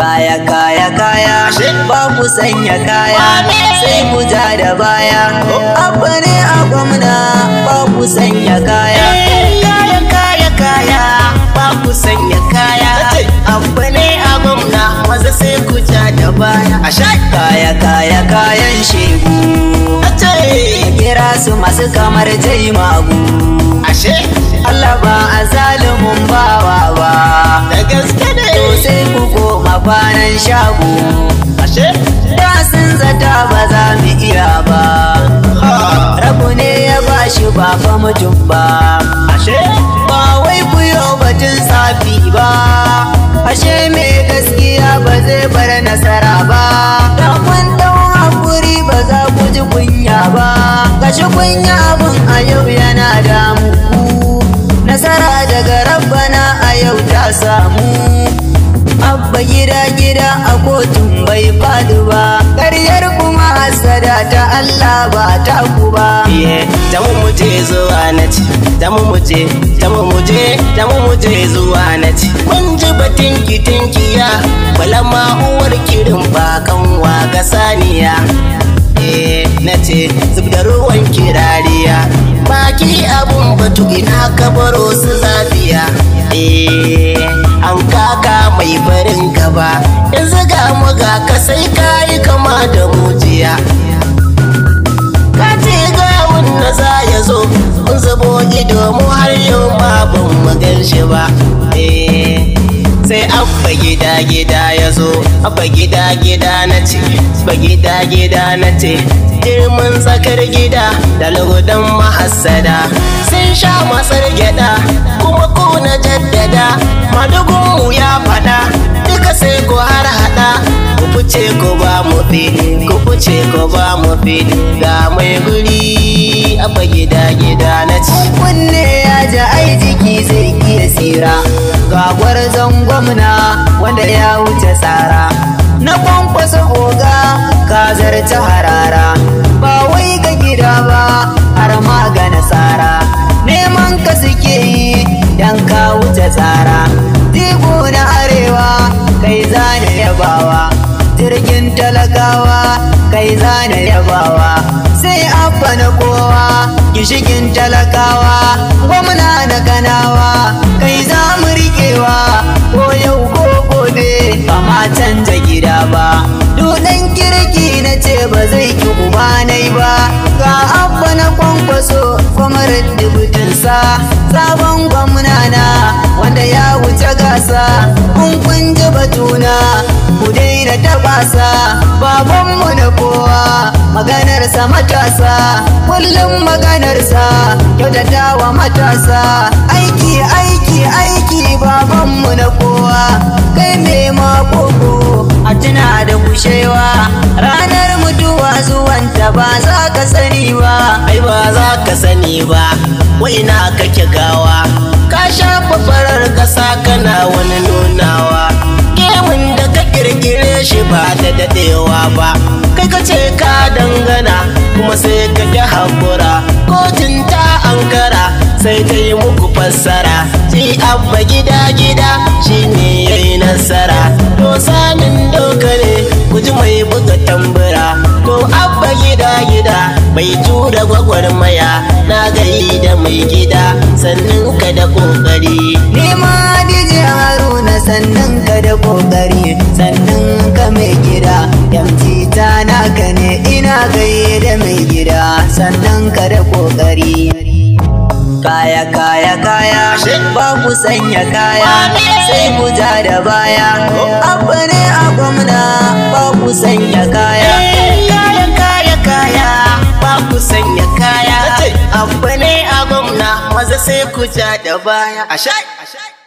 kaya kaya kaya ba ku sanya kaya sai ku ja da baya oh. abba ne a gwamna ba ku sanya kaya eh, kaya kaya kaya ba ku sanya kaya abba ne a gwamna maza sai ku ja da baya kaya kaya kayan shegu kira su masu kamar jai magu ashe Allah ba a zalimin bawa ba da gaske ne sai ku a kwanan shago da sun zata ba za mu iya ba rabu ne ya bashi ba fa mutum ba ba wai ku kuyo batun safi ba ashe mai gaskiya ba zai bar nasara ba kafin ɗan hakuri ba za ku ji kunya ba gashi kunya a yau yana damu nasara daga rabbana a yau ta samu abba gida gida a kotun bai faɗi ba ƙaryar kuma hasada ta Allah ba ta ku ba ta mu muje zuwa na ci ta mu muje ta mu muje ta mu muje zuwa na ci mun ji batun tinkiya balama uwar kirin kan wa ga saniya na ce zub da ruwan kirariya baki abun batu ina kabaro su zafiya eh an kaka mai barin gaba in ziga ga ka sai kayi kama da mujiya ka ce gawun na za ya zo in zubo ido mu har yau ma ban mu gan shi ba eh, sai abba gida gida ya zo abba gida gida na ce abba gida gida na ce girman tsakar gida da lugudan mahasada, sun sha masar gyaɗa kuma ko jada ce ko ba mu fili ga mai guri abba gida gida na ci kunne ya ja ai jiki zai iya tsira ga gwarzon gwamna wanda ya wuce tsara na kwankwasa goga kazar ta harara ba wai ga gida ba har ma ga nasara neman ka suke yi dan ka wuce tsara digo na arewa kai zane yabawa jirgin talakawa kai zane yabawa sai abba na kowa gishigin talakawa gwamna na kanawa kai za mu rikewa ko yau ko gobe ba ma canza gida ba dunan kirki na ce ba zai ki nai ba ga abba na kwankwaso kwamar dubutunsa sabon gwamna na wanda ya wuce gasa kun kun ji batuna baban mu na kowa maganarsa matasa kullum maganarsa kyautatawa matasa aiki aiki aiki babanmu na kowa kai mai makoko a tuna da kushewa ranar mutuwa zuwanta ba za ka sani ba ai ba za ka sani ba wai na kake gawa ka shafa farar kasa kana wani nunawa ba kai ka ce ka dangana kuma sai ka ki haƙura kotun ta ankara sai ta yi muku fassara ci abba gida gida shine ya yi nasara To sanin doka ne ji mai buga tambura to abba gida gida Mai tura gwagwarmaya na gari da mai gida sannin ka da ƙoƙari. sannan ka da kokari sannan ka mai gida yamci ta naka ne ina gaye da mai gida sannan ka da kokari kaya kaya kaya ba ku sanya kaya sai ku ja da baya abu ne a gwamna ba ku sanya kaya kaya kaya kaya ba ku sanya kaya abu ne a gwamna maza sai ku ja da baya a